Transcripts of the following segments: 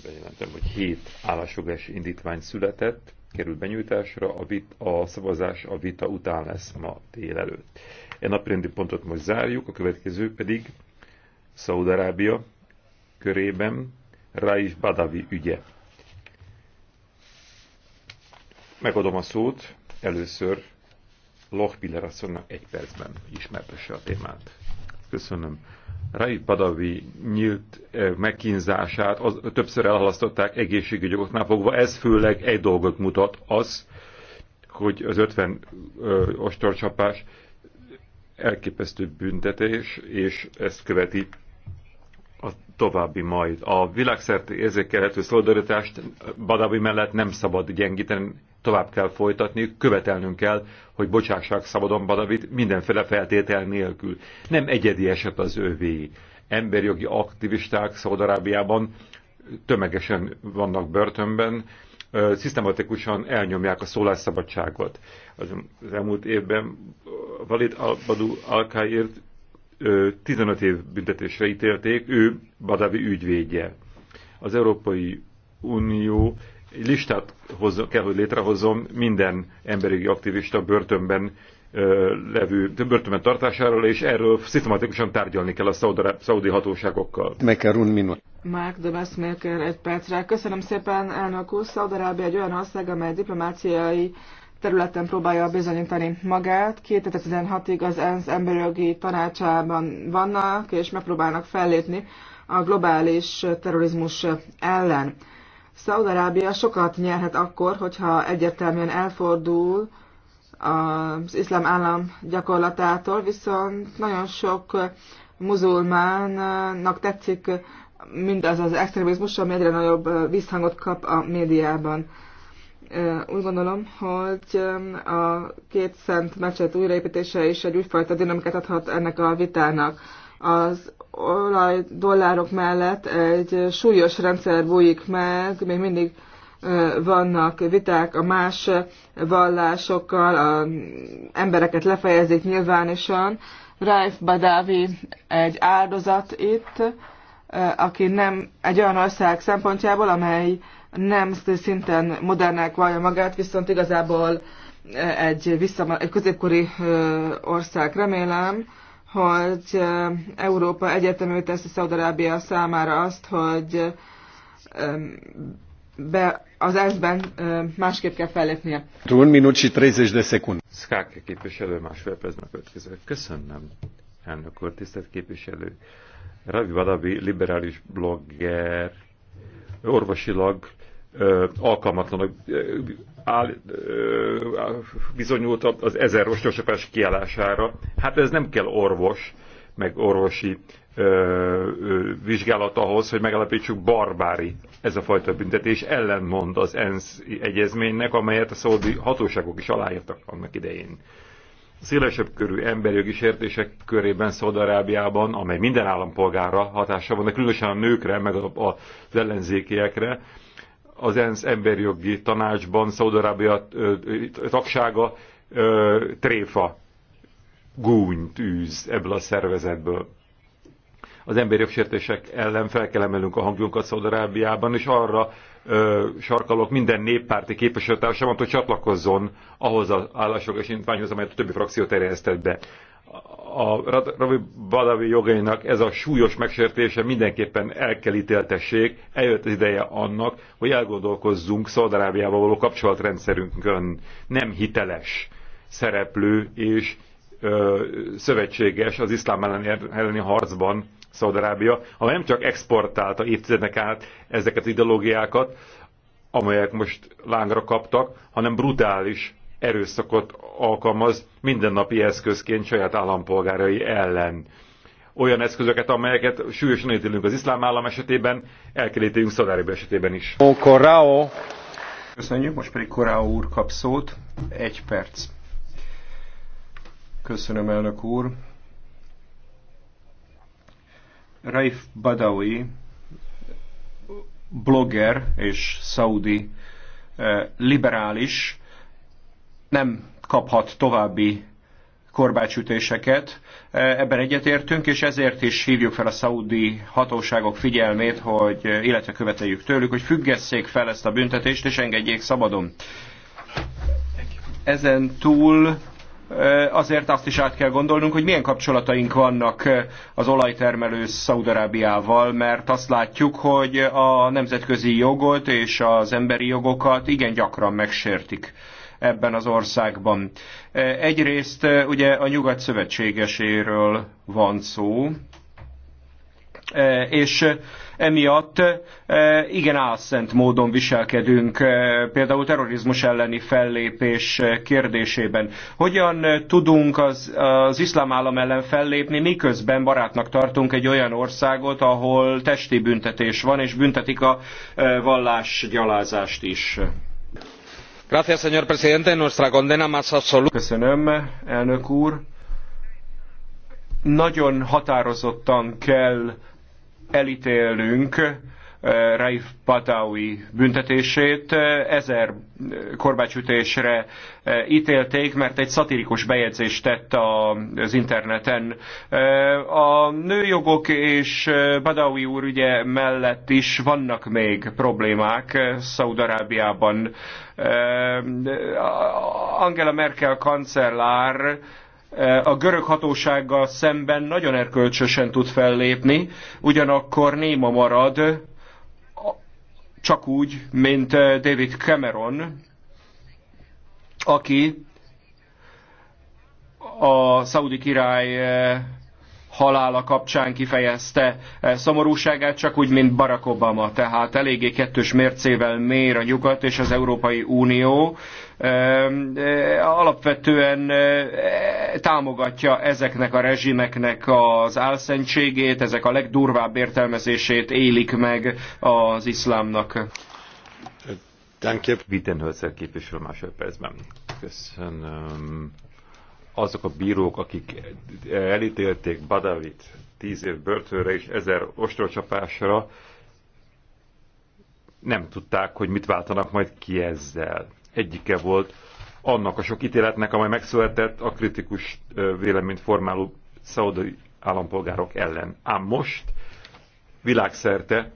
bejelentem, hogy hét állásfogási indítvány született, kerül benyújtásra, a, vit, a szavazás a vita után lesz ma délelőtt. E naprendi pontot most zárjuk, a következő pedig Szaudarábia körében Raiz Badavi ügye. Megadom a szót először Loch Piller asszonynak egy percben ismertesse a témát. Köszönöm. Rai Padavi nyílt eh, megkínzását az, többször elhalasztották egészségügyi okoknál fogva. Ez főleg egy dolgot mutat, az, hogy az 50 eh, ostorcsapás elképesztő büntetés, és ezt követi a további majd. A világszerte érzékelhető szolidaritást Badabi mellett nem szabad gyengíteni, tovább kell folytatni, követelnünk kell, hogy bocsássák szabadon Badavit mindenféle feltétel nélkül. Nem egyedi eset az övé. Emberjogi aktivisták Szaudarábiában tömegesen vannak börtönben, szisztematikusan elnyomják a szólásszabadságot. Az elmúlt évben Valid Al-Badu 15 év büntetésre ítélték, ő Badavi ügyvédje. Az Európai Unió listát hozzon, kell, hogy létrehozzon minden emberi aktivista börtönben ö, levő börtönben tartásáról, és erről szisztematikusan tárgyalni kell a szaudi hatóságokkal. Mekker un minut. Mark de Westmaker egy percre. Köszönöm szépen, elnök úr. Szaudarábia egy olyan ország, amely diplomáciai területen próbálja bizonyítani magát. 2016-ig az ENSZ emberjogi tanácsában vannak, és megpróbálnak fellépni a globális terrorizmus ellen. Szaudarábia sokat nyerhet akkor, hogyha egyértelműen elfordul az iszlám állam gyakorlatától, viszont nagyon sok muzulmánnak tetszik mindaz az extrémizmus, ami egyre nagyobb visszhangot kap a médiában. Úgy gondolom, hogy a két szent mecset újraépítése is egy újfajta dinamikát adhat ennek a vitának az olaj dollárok mellett egy súlyos rendszer bújik meg, még mindig vannak viták a más vallásokkal, a embereket lefejezik nyilvánosan. Raif Badawi egy áldozat itt, aki nem egy olyan ország szempontjából, amely nem szinten modernek vallja magát, viszont igazából egy, vissza, egy középkori ország remélem, hogy Európa egyetemű teszi Szaudarábia számára azt, hogy be az ESZ-ben másképp kell fellépnie. Rún minucsi 30 de sekund. Szkáke képviselő másfél percben következő. Köszönöm, elnök úr, tisztelt képviselő. Ravi Vadabi, liberális blogger, orvosilag alkalmatlanak áll, bizonyult az ezer rostosapás kiállására. Hát ez nem kell orvos, meg orvosi ö, ö, vizsgálat ahhoz, hogy megalapítsuk barbári ez a fajta büntetés ellenmond az ENSZ egyezménynek, amelyet a szódi hatóságok is aláírtak annak idején. Szélesebb körű emberjogi sértések körében Szaudarábiában, amely minden állampolgára hatással van, de különösen a nőkre, meg az ellenzékiekre, az ENSZ emberjogi tanácsban Szaudarábia tagsága tréfa gúnyt űz ebből a szervezetből. Az emberi jogsértések ellen fel kell emelnünk a hangjunkat Szaudarábiában, és arra ö, sarkalok minden néppárti képviselőtársamat, hogy csatlakozzon ahhoz az állásfoglalási intványhoz, amelyet a többi frakció terjesztett be a Ravi Badavi jogainak ez a súlyos megsértése mindenképpen el kell ítéltessék, eljött az ideje annak, hogy elgondolkozzunk Szaudarábiával való kapcsolatrendszerünkön nem hiteles szereplő és ö, szövetséges az iszlám elleni harcban Szaudarábia, ha nem csak exportálta évtizedek át ezeket az ideológiákat, amelyek most lángra kaptak, hanem brutális erőszakot alkalmaz mindennapi eszközként saját állampolgárai ellen. Olyan eszközöket, amelyeket súlyosan ítélünk az iszlám állam esetében, el kell esetében is. Korrao. Köszönjük, most pedig Korao úr kap szót. Egy perc. Köszönöm, elnök úr. Raif Badawi blogger és szaudi eh, liberális nem kaphat további korbácsütéseket. E, ebben egyetértünk, és ezért is hívjuk fel a szaudi hatóságok figyelmét, hogy, illetve követeljük tőlük, hogy függesszék fel ezt a büntetést, és engedjék szabadon. Ezen túl e, azért azt is át kell gondolnunk, hogy milyen kapcsolataink vannak e, az olajtermelő Szaudarábiával, mert azt látjuk, hogy a nemzetközi jogot és az emberi jogokat igen gyakran megsértik ebben az országban. E, egyrészt e, ugye a nyugat szövetségeséről van szó, e, és emiatt igen álszent módon viselkedünk, például terrorizmus elleni fellépés kérdésében. Hogyan tudunk az, az iszlám állam ellen fellépni, miközben barátnak tartunk egy olyan országot, ahol testi büntetés van, és büntetik a vallás gyalázást is? señor presidente nuestra condena más absoluta. köszönöm elnök úr nagyon határozottan kell eltélnünk Raif Badawi büntetését ezer korbácsütésre ítélték, mert egy szatirikus bejegyzést tett az interneten. A nőjogok és Badawi úr ügye mellett is vannak még problémák Szaudarábiában. Angela Merkel kancellár a görög hatósággal szemben nagyon erkölcsösen tud fellépni, ugyanakkor néma marad csak úgy, mint eh, David Cameron, aki a szaudi király eh, halála kapcsán kifejezte e, szomorúságát, csak úgy, mint Barack Obama. Tehát eléggé kettős mércével mér a nyugat és az Európai Unió e, e, alapvetően támogatja ezeknek a rezsimeknek az álszentségét, ezek a legdurvább értelmezését élik meg az iszlámnak. Danke. Wittenhölzer képviselő másodpercben. Köszönöm azok a bírók, akik elítélték Badavit tíz év börtönre és ezer ostrocsapásra, nem tudták, hogy mit váltanak majd ki ezzel. Egyike volt annak a sok ítéletnek, amely megszületett a kritikus véleményt formáló szaudai állampolgárok ellen. Ám most világszerte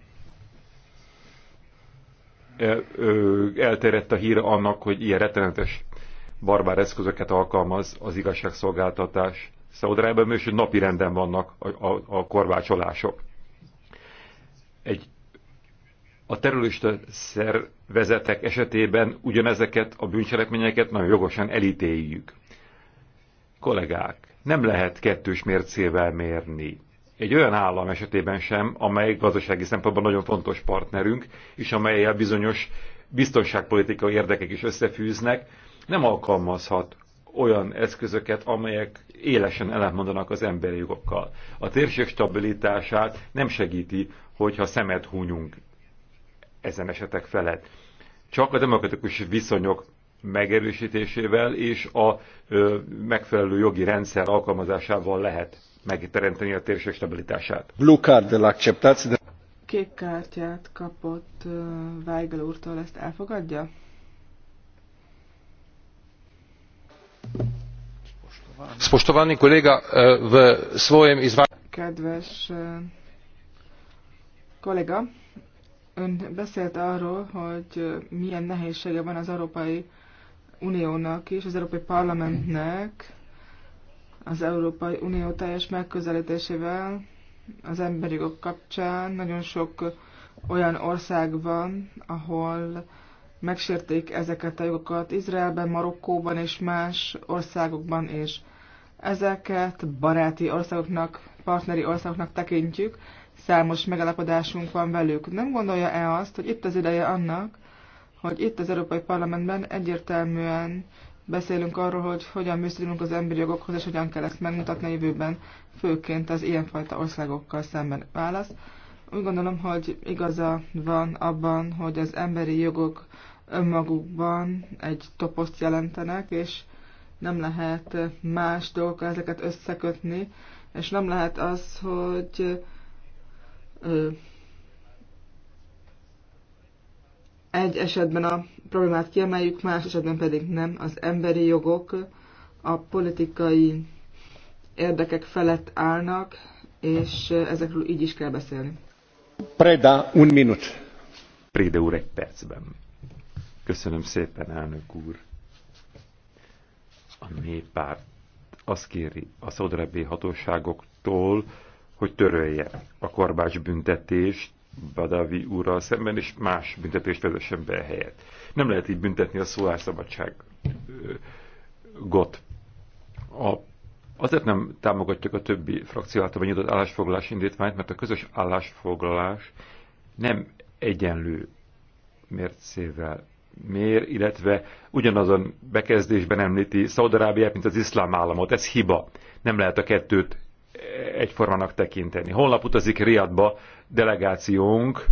elterjedt a híre annak, hogy ilyen rettenetes barbár eszközöket alkalmaz az igazságszolgáltatás. Szaudrájában most napi renden vannak a, a, a korvácsolások. Egy, a terrorista szervezetek esetében ugyanezeket a bűncselekményeket nagyon jogosan elítéljük. Kollégák, nem lehet kettős mércével mérni egy olyan állam esetében sem, amely gazdasági szempontból nagyon fontos partnerünk, és amelyel bizonyos biztonságpolitikai érdekek is összefűznek, nem alkalmazhat olyan eszközöket, amelyek élesen ellentmondanak az emberi jogokkal. A térség stabilitását nem segíti, hogyha szemet húnyunk ezen esetek felett. Csak a demokratikus viszonyok megerősítésével és a ö, megfelelő jogi rendszer alkalmazásával lehet megteremteni a térség stabilitását. Blue card de Kék kártyát kapott Weigel úrtól, ezt elfogadja? Spoštovani kolega, eh, v svojem izvajanju... Kedves eh, kollega, ön beszélt arról, hogy eh, milyen nehézsége van az Európai Uniónak és az Európai Parlamentnek az Európai Unió teljes megközelítésével az emberi jogok kapcsán. Nagyon sok olyan ország van, ahol megsérték ezeket a jogokat Izraelben, Marokkóban és más országokban és Ezeket baráti országoknak, partneri országoknak tekintjük, számos megalapodásunk van velük. Nem gondolja-e azt, hogy itt az ideje annak, hogy itt az Európai Parlamentben egyértelműen beszélünk arról, hogy hogyan műszerünk az emberi jogokhoz, és hogyan kell ezt megmutatni a jövőben, főként az ilyenfajta országokkal szemben. Válasz. Úgy gondolom, hogy igaza van abban, hogy az emberi jogok önmagukban egy toposzt jelentenek, és nem lehet más dolgokkal ezeket összekötni, és nem lehet az, hogy egy esetben a problémát kiemeljük, más esetben pedig nem. Az emberi jogok a politikai érdekek felett állnak, és ezekről így is kell beszélni. Preda, un minut. Préde úr egy percben. Köszönöm szépen, elnök úr. A néppárt azt kéri a szodrebbi hatóságoktól, hogy törölje a korbács büntetést Badavi úrral szemben, és más büntetést vezessen be helyett. Nem lehet így büntetni a szólásszabadságot. A Azért nem támogatjuk a többi frakció által nyitott állásfoglalás indítványt, mert a közös állásfoglalás nem egyenlő mércével mér, illetve ugyanazon bekezdésben említi Szaudarábiát, mint az iszlám államot. Ez hiba. Nem lehet a kettőt eh, egyformának tekinteni. Holnap utazik Riadba delegációnk,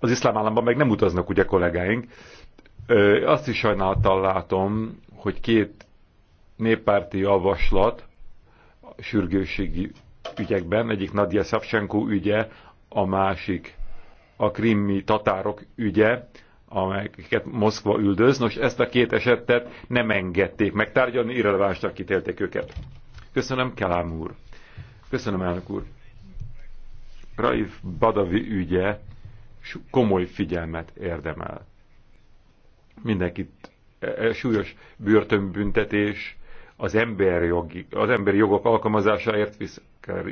az iszlám államban meg nem utaznak ugye kollégáink. Ö, azt is sajnáltal látom, hogy két néppárti javaslat sürgőségi ügyekben, egyik Nadia Szavcsenko ügye, a másik a krimmi tatárok ügye, amelyeket Moszkva üldöz. Nos, ezt a két esetet nem engedték megtárgyalni, irrelevánsnak kitélték őket. Köszönöm, Kelám úr. Köszönöm, elnök úr. Raif Badavi ügye komoly figyelmet érdemel. Mindenkit e- e- súlyos börtönbüntetés, az emberi, jogi, az emberi jogok alkalmazásáért visz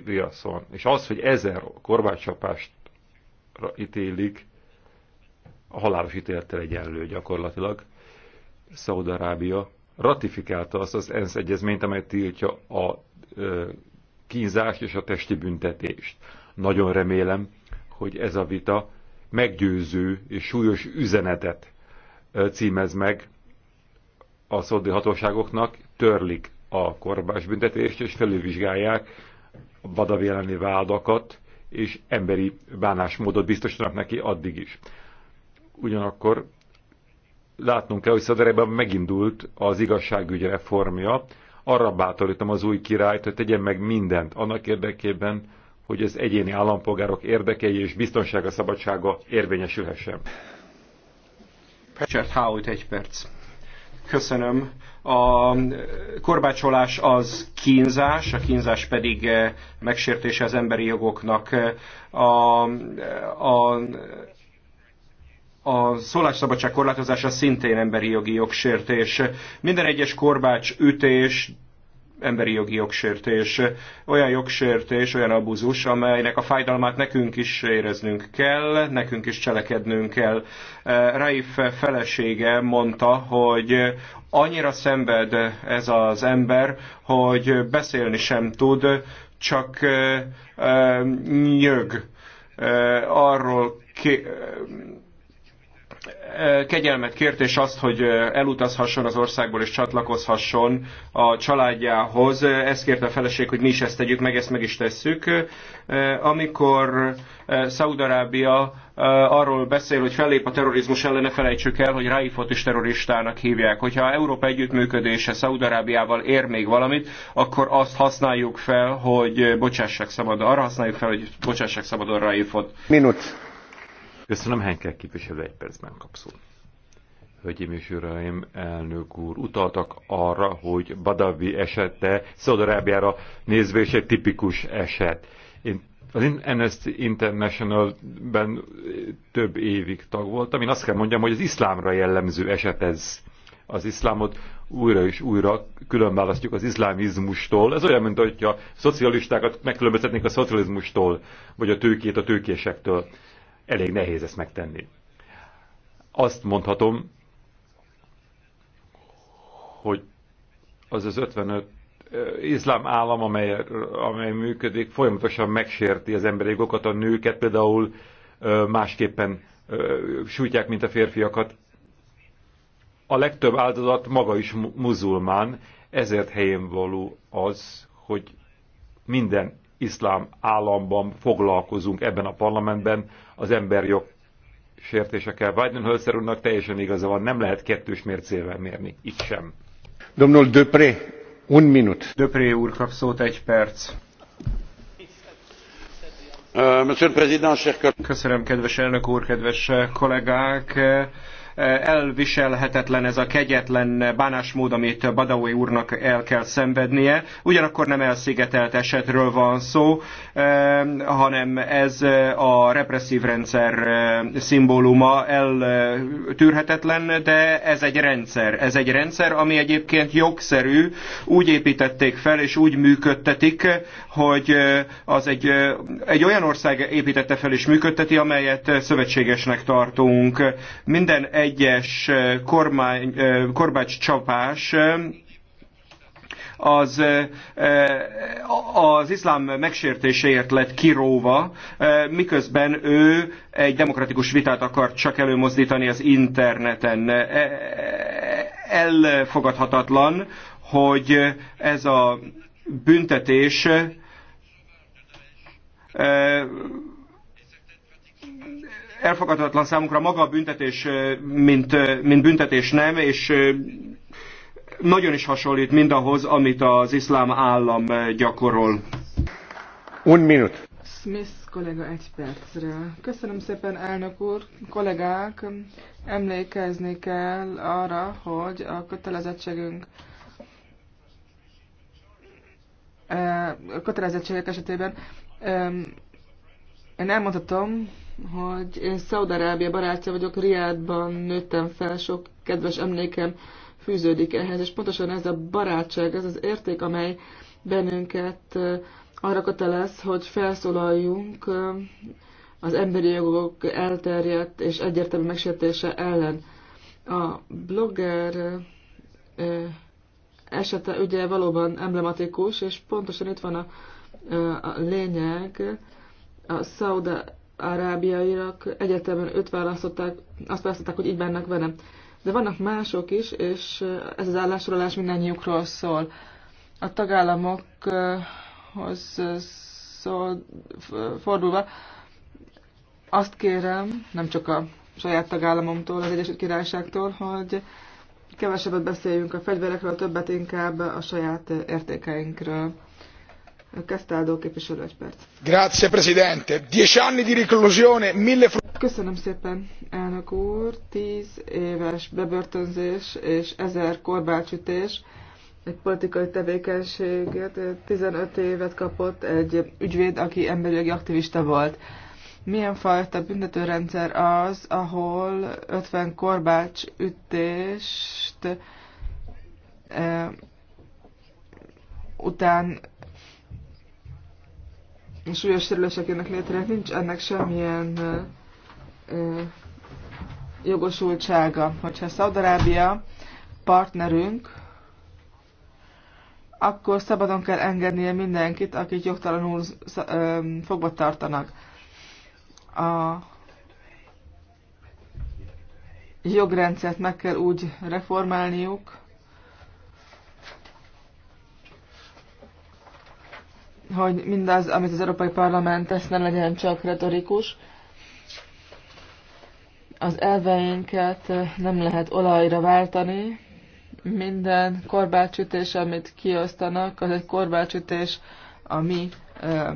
Riaszon. És az, hogy ezer korbácsapást ítélik, a halálos ítélettel egyenlő gyakorlatilag. Szaudarábia ratifikálta azt az ENSZ egyezményt, amely tiltja a kínzást és a testi büntetést. Nagyon remélem, hogy ez a vita meggyőző és súlyos üzenetet címez meg a szódi hatóságoknak, törlik a korbás büntetést, és felülvizsgálják vadavélemi vádakat, és emberi bánásmódot biztosítanak neki addig is. Ugyanakkor látnunk kell, hogy Szadereben megindult az igazságügy reformja. Arra bátorítom az új királyt, hogy tegyen meg mindent annak érdekében, hogy az egyéni állampolgárok érdekei és biztonsága, szabadsága érvényesülhessen. Richard Howitt, egy perc. Köszönöm. A korbácsolás az kínzás, a kínzás pedig eh, megsértése az emberi jogoknak. A, a, a szólásszabadság korlátozása szintén emberi jogi jogsértés. Minden egyes korbács ütés emberi jogi jogsértés. Olyan jogsértés, olyan abuzus, amelynek a fájdalmát nekünk is éreznünk kell, nekünk is cselekednünk kell. Eh, Raif felesége mondta, hogy annyira szenved ez az ember, hogy beszélni sem tud, csak eh, eh, nyög. Arról ki, kegyelmet kért, és azt, hogy elutazhasson az országból és csatlakozhasson a családjához. Ezt kérte a feleség, hogy mi is ezt tegyük meg, ezt meg is tesszük. Amikor Szaudarábia arról beszél, hogy fellép a terrorizmus ellen, ne felejtsük el, hogy Raifot is terroristának hívják. Hogyha Európa együttműködése Szaudarábiával ér még valamit, akkor azt használjuk fel, hogy bocsássák szabadon, arra használjuk fel, hogy bocsássák szabadon Raifot. Minut. Köszönöm, Henkel képviselő egy percben kapszul. Hölgyeim és Uraim, elnök úr, utaltak arra, hogy Badavi esete Szaudarábiára nézve is egy tipikus eset. Én az NSZ International-ben több évig tag voltam. Én azt kell mondjam, hogy az iszlámra jellemző eset ez. Az iszlámot újra és újra különválasztjuk az iszlámizmustól. Ez olyan, mint a szocialistákat megkülönböztetnénk a szocializmustól, vagy a tőkét a tőkésektől elég nehéz ezt megtenni. Azt mondhatom, hogy az az 55 iszlám állam, amely, amely működik, folyamatosan megsérti az emberi jogokat, a nőket például másképpen sújtják, mint a férfiakat. A legtöbb áldozat maga is muzulmán, ezért helyén való az, hogy minden iszlám államban foglalkozunk ebben a parlamentben az emberjog sértésekkel. Hölszer úrnak teljesen igaza van, nem lehet kettős mércével mérni, itt sem. Domnul Döpré, un minut. Döpré úr kap szót, egy perc. Köszönöm, kedves elnök úr, kedves kollégák! elviselhetetlen ez a kegyetlen bánásmód, amit Badawi úrnak el kell szenvednie. Ugyanakkor nem elszigetelt esetről van szó, e, hanem ez a represszív rendszer e, szimbóluma eltűrhetetlen, de ez egy rendszer. Ez egy rendszer, ami egyébként jogszerű, úgy építették fel és úgy működtetik, hogy e, az egy, egy olyan ország építette fel és működteti, amelyet szövetségesnek tartunk. Minden egyes kormány, korbács csapás az, az iszlám megsértéséért lett kiróva, miközben ő egy demokratikus vitát akart csak előmozdítani az interneten. Elfogadhatatlan, hogy ez a büntetés elfogadhatatlan számunkra maga a büntetés, mint, mint büntetés nem, és nagyon is hasonlít mindahhoz, amit az iszlám állam gyakorol. Un minut. Smith kollega egy percre. Köszönöm szépen, elnök úr, kollégák, emlékezni kell arra, hogy a kötelezettségünk a kötelezettségek esetében én elmondhatom, hogy én Szaudarábia barátja vagyok, Riádban nőttem fel, sok kedves emlékem fűződik ehhez, és pontosan ez a barátság, ez az érték, amely bennünket arra kötelez, hogy felszólaljunk az emberi jogok elterjedt és egyértelmű megsértése ellen. A blogger esete ugye valóban emblematikus, és pontosan itt van a, a lényeg, a Szauda arábiaiak egyetemen öt választották, azt választották, hogy így bánnak velem. De vannak mások is, és ez az állásolás mindannyiukról szól. A tagállamokhoz szól, fordulva azt kérem, nem csak a saját tagállamomtól, az Egyesült Királyságtól, hogy kevesebbet beszéljünk a fegyverekről, többet inkább a saját értékeinkről. Castaldo képviselő egy perc. Grazie, Presidente. Dieci anni di reclusione, mille... Köszönöm szépen, elnök úr. Tíz éves bebörtönzés és ezer korbácsütés egy politikai tevékenységet. 15 évet kapott egy ügyvéd, aki emberi aktivista volt. Milyen fajta büntetőrendszer az, ahol 50 korbács ütést e, után súlyos sérülések jönnek létre, hát nincs ennek semmilyen ö, jogosultsága. Hogyha Szaudarábia partnerünk, akkor szabadon kell engednie mindenkit, akit jogtalanul fogva tartanak. A jogrendszert meg kell úgy reformálniuk, hogy mindaz, amit az Európai Parlament tesz, nem legyen csak retorikus. Az elveinket eh, nem lehet olajra váltani. Minden korbácsütés, amit kiosztanak, az egy korbácsütés a mi eh,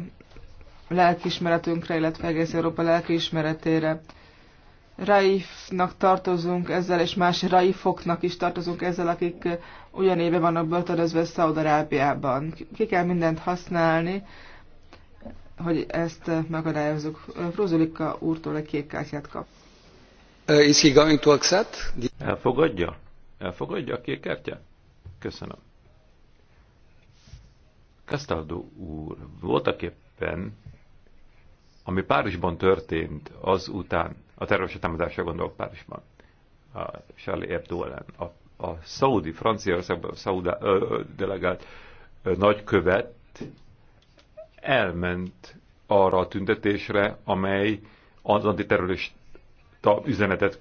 lelkiismeretünkre, illetve egész Európa lelkiismeretére. Raifnak tartozunk ezzel, és más Raifoknak is tartozunk ezzel, akik ugyanébe vannak börtönözve Szaudarábiában. Ki kell mindent használni, hogy ezt megadályozzuk. Fruzulika úrtól egy kék kártyát kap. Uh, is he going to accept? Elfogadja? Elfogadja a kék kártyát? Köszönöm. Castaldo úr, voltak éppen, ami Párizsban történt az után a terrorista támadásra gondolok Párizsban, a Charlie Hebdo ellen. A, a szaudi, Franciaországban szaudá, ö, delegált ö, nagykövet elment arra a tüntetésre, amely az antiterrorista üzenetet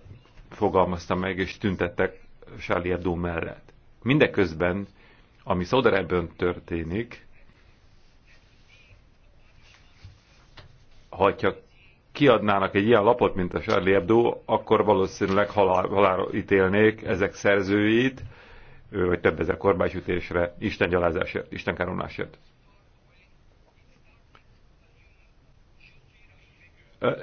fogalmazta meg, és tüntettek Charlie Hebdo mellett. Mindeközben, ami Szaudarában történik, hagyja kiadnának egy ilyen lapot, mint a Charlie Hebdo, akkor valószínűleg halál, halálra ítélnék ezek szerzőit, vagy több ezer korbácsütésre, Isten gyalázásért, Isten káromlásért.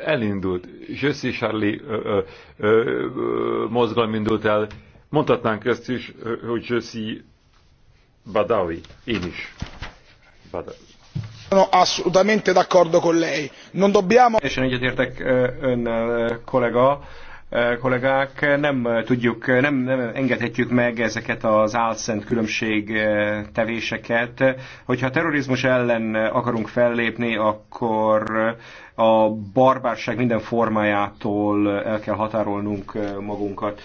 Elindult. Jössi Charlie ö, ö, ö, mozgalom indult el. Mondhatnánk ezt is, hogy Jössi Badawi. Én is. Badawi sono assolutamente d'accordo con lei. Non dobbiamo... Teljesen egyetértek önnel, kollega kollégák, nem tudjuk, nem, nem engedhetjük meg ezeket az álszent különbség tevéseket. Hogyha terrorizmus ellen akarunk fellépni, akkor a barbárság minden formájától el kell határolnunk magunkat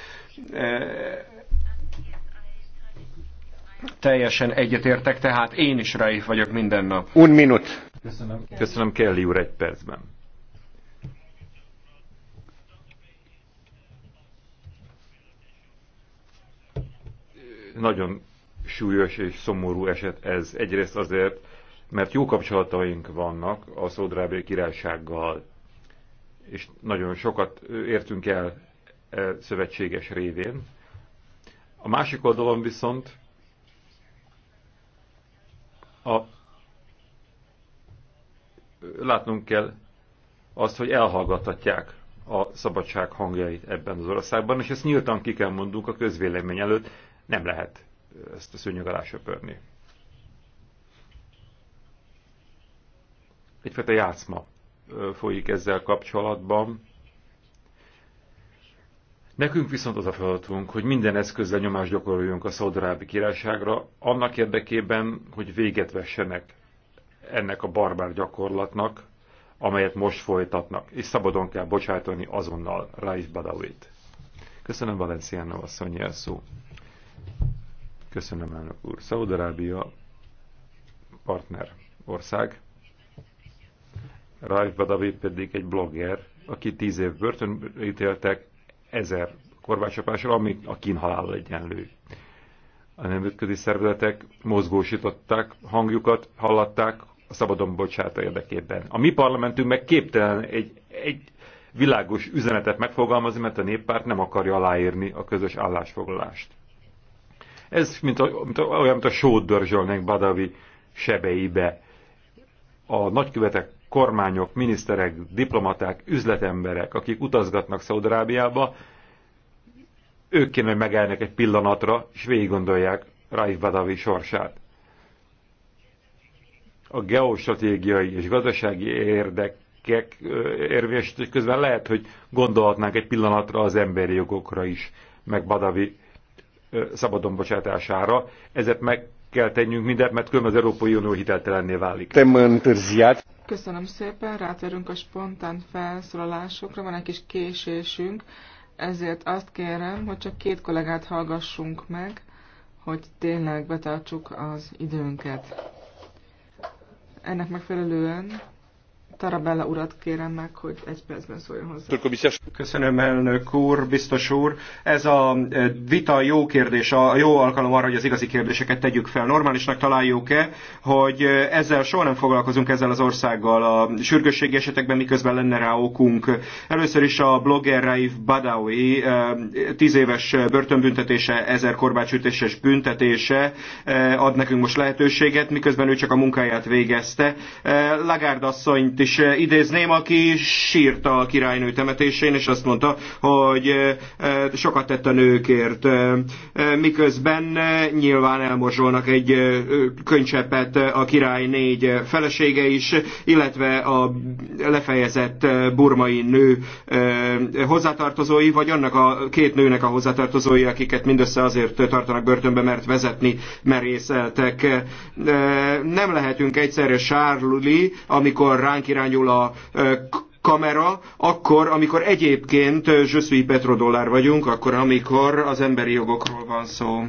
teljesen egyetértek, tehát én is Raif vagyok minden nap. Un minut. Köszönöm. Köszönöm Kelly úr egy percben. Nagyon súlyos és szomorú eset ez. Egyrészt azért, mert jó kapcsolataink vannak a Szódrábé királysággal, és nagyon sokat értünk el e szövetséges révén. A másik oldalon viszont a, látnunk kell azt, hogy elhallgathatják a szabadság hangjait ebben az országban, és ezt nyíltan ki kell mondunk a közvélemény előtt, nem lehet ezt a szőnyeg alá söpörni. Egyfajta játszma folyik ezzel kapcsolatban, Nekünk viszont az a feladatunk, hogy minden eszközzel nyomást gyakoroljunk a Szaudarábi királyságra, annak érdekében, hogy véget vessenek ennek a barbár gyakorlatnak, amelyet most folytatnak, és szabadon kell bocsájtani azonnal Raif Badawit. Köszönöm Valenciano a szó. Köszönöm elnök úr. Szaudarábia partner ország. Raif Badawi pedig egy blogger, aki tíz év börtönítéltek, ezer korbácsapásra, ami a kínhalál egyenlő. A nemzetközi szervezetek mozgósították hangjukat, hallatták a szabadon bocsáta érdekében. A mi parlamentünk meg képtelen egy, egy világos üzenetet megfogalmazni, mert a néppárt nem akarja aláírni a közös állásfoglalást. Ez mint a, mint a, olyan, mint a sót dörzsölnek Badavi sebeibe. A nagykövetek kormányok, miniszterek, diplomaták, üzletemberek, akik utazgatnak Szaudarábiába, ők kéne, hogy megállnak egy pillanatra, és végig gondolják Raif Badawi sorsát. A geostratégiai és gazdasági érdekek érvényesítő közben lehet, hogy gondolhatnánk egy pillanatra az emberi jogokra is, meg Badawi szabadon bocsátására. Ezért meg kell tennünk mindent, mert különben az Európai Unió hiteltelenné válik. Köszönöm szépen, rátérünk a spontán felszólalásokra, van egy kis késésünk, ezért azt kérem, hogy csak két kollégát hallgassunk meg, hogy tényleg betartsuk az időnket. Ennek megfelelően Tarabella urat kérem meg, hogy egy percben szóljon hozzá. Köszönöm, elnök úr, biztos úr. Ez a eh, vita jó kérdés, a jó alkalom arra, hogy az igazi kérdéseket tegyük fel. Normálisnak találjuk-e, hogy eh, ezzel soha nem foglalkozunk ezzel az országgal a sürgősségi esetekben, miközben lenne rá okunk. Először is a blogger Raif Badawi eh, tíz éves börtönbüntetése, ezer korbácsütéses büntetése ad nekünk most lehetőséget, miközben ő csak a munkáját végezte. Lagarde asszonyt is eh, idézném, aki sírta a királynő temetésén, és azt mondta, hogy eh, eh, sokat tett a nőkért, miközben nyilván elmorzsolnak egy könycsepet a király négy felesége is, illetve a lefejezett burmai nő hozzátartozói, vagy annak a két nőnek a hozzátartozói, akiket mindössze azért tartanak börtönbe, mert vezetni merészeltek. Nem lehetünk egyszerre sárluli, amikor ránk irányul a kamera, akkor, amikor egyébként zsöszűi petrodollár vagyunk, akkor, amikor az emberi jogokról van szó.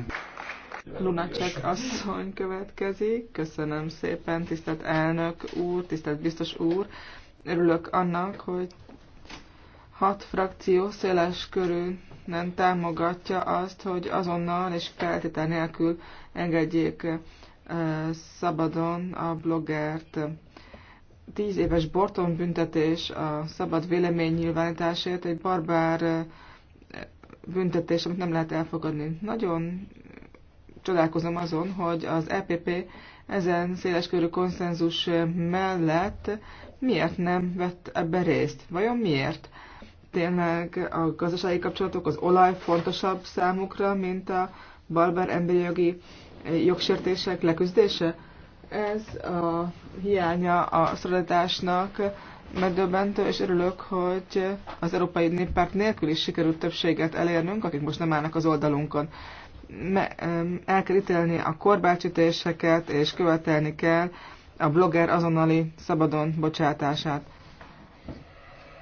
Lunacek asszony következik. Köszönöm szépen, tisztelt elnök úr, tisztelt biztos úr. Örülök annak, hogy hat frakció széles körül nem támogatja azt, hogy azonnal és feltétel nélkül engedjék szabadon a bloggert tíz éves borton büntetés a szabad nyilvánításért, egy barbár büntetés, amit nem lehet elfogadni. Nagyon csodálkozom azon, hogy az EPP ezen széleskörű konszenzus mellett miért nem vett ebbe részt? Vajon miért? Tényleg a gazdasági kapcsolatok, az olaj fontosabb számukra, mint a barbár emberi jogi jogsértések leküzdése? Ez a hiánya a szolidásnak megdöbbentő, és örülök, hogy az Európai Néppárt nélkül is sikerült többséget elérnünk, akik most nem állnak az oldalunkon. El kell ítélni a korbácsítéseket, és követelni kell a blogger azonnali szabadon bocsátását.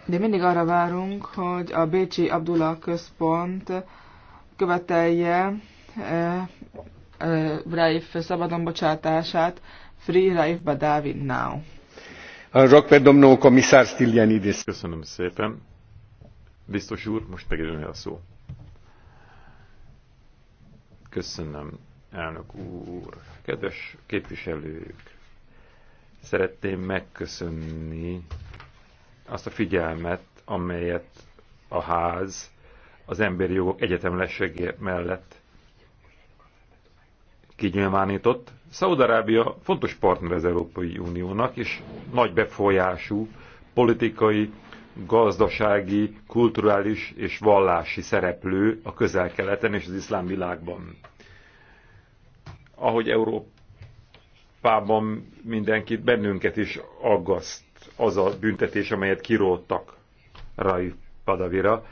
De mindig arra várunk, hogy a Bécsi Abdullah Központ követelje eh, Raif szabadon bocsátását, Free Raif Badawi Now. Rockper domnó komisár Stylianidis. Köszönöm szépen. Biztos úr, most megérőnél a szó. Köszönöm, elnök úr. Kedves képviselők, szeretném megköszönni azt a figyelmet, amelyet a ház az emberi jogok egyetemlessége mellett kinyilvánított. Szaudarábia fontos partner az Európai Uniónak, és nagy befolyású politikai, gazdasági, kulturális és vallási szereplő a közel-keleten és az iszlám világban. Ahogy Európában mindenkit, bennünket is aggaszt az a büntetés, amelyet kiróttak Rai Padavira.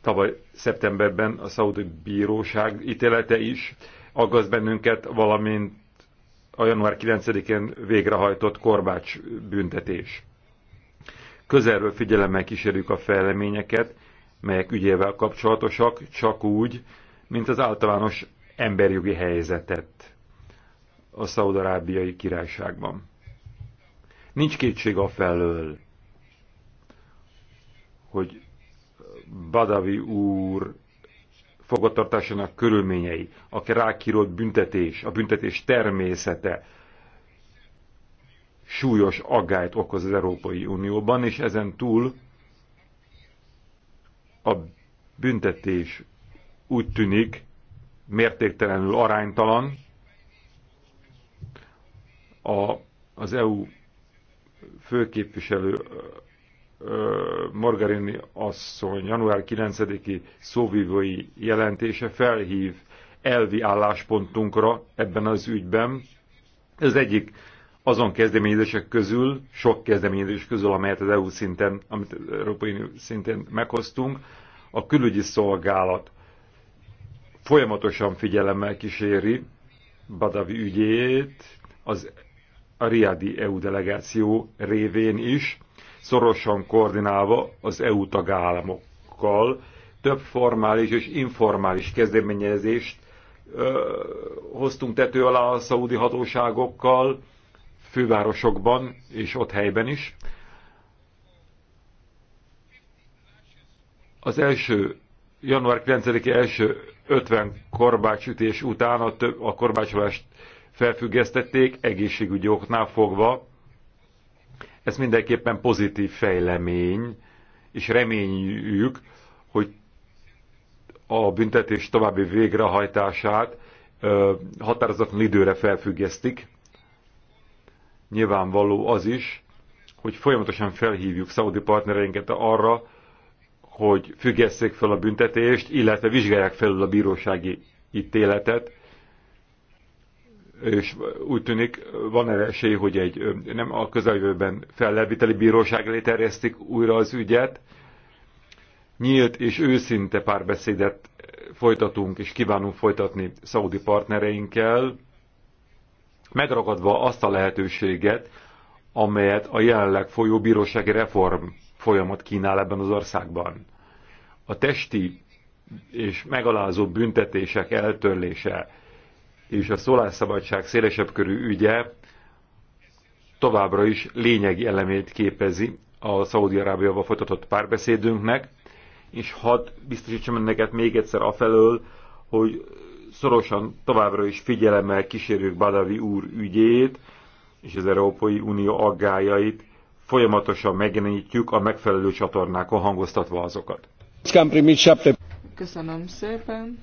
Tavaly szeptemberben a szaudi bíróság ítélete is aggaszt bennünket, valamint a január 9-én végrehajtott korbács büntetés. Közelről figyelemmel kísérjük a fejleményeket, melyek ügyével kapcsolatosak, csak úgy, mint az általános emberjogi helyzetet a szaudarábiai királyságban. Nincs kétség a felől, hogy Badavi úr fogvatartásának körülményei, a rákírott büntetés, a büntetés természete súlyos aggályt okoz az Európai Unióban, és ezen túl a büntetés úgy tűnik mértéktelenül aránytalan, a, az EU főképviselő Margarini asszony január 9-i szóvívói jelentése felhív elvi álláspontunkra ebben az ügyben. Ez egyik azon kezdeményezések közül, sok kezdeményezés közül, amelyet az EU szinten, amit az Európai Unió szinten meghoztunk, a külügyi szolgálat folyamatosan figyelemmel kíséri Badavi ügyét, az a Riadi EU delegáció révén is, szorosan koordinálva az EU tagállamokkal több formális és informális kezdeményezést ö, hoztunk tető alá a szaudi hatóságokkal, fővárosokban és ott helyben is. Az első, január 9-i első 50 korbácsütés után a, több, a korbácsolást felfüggesztették egészségügyi oknál fogva, ez mindenképpen pozitív fejlemény, és reményjük, hogy a büntetés további végrehajtását határozatlan időre felfüggesztik. Nyilvánvaló az is, hogy folyamatosan felhívjuk szaudi partnereinket arra, hogy függesszék fel a büntetést, illetve vizsgálják felül a bírósági ítéletet, és úgy tűnik van erre esély, hogy egy nem a közeljövőben felleviteli bíróság elé terjesztik újra az ügyet. Nyílt és őszinte párbeszédet folytatunk és kívánunk folytatni szaudi partnereinkkel, megragadva azt a lehetőséget, amelyet a jelenleg folyó bírósági reform folyamat kínál ebben az országban. A testi és megalázó büntetések eltörlése, és a szólásszabadság szélesebb körű ügye továbbra is lényegi elemét képezi a Szaudi-Arábiával folytatott párbeszédünknek, és hadd biztosítsam önöket még egyszer afelől, hogy szorosan továbbra is figyelemmel kísérjük Badavi úr ügyét, és az Európai Unió aggájait folyamatosan megjelenítjük a megfelelő csatornákon hangoztatva azokat. Köszönöm szépen.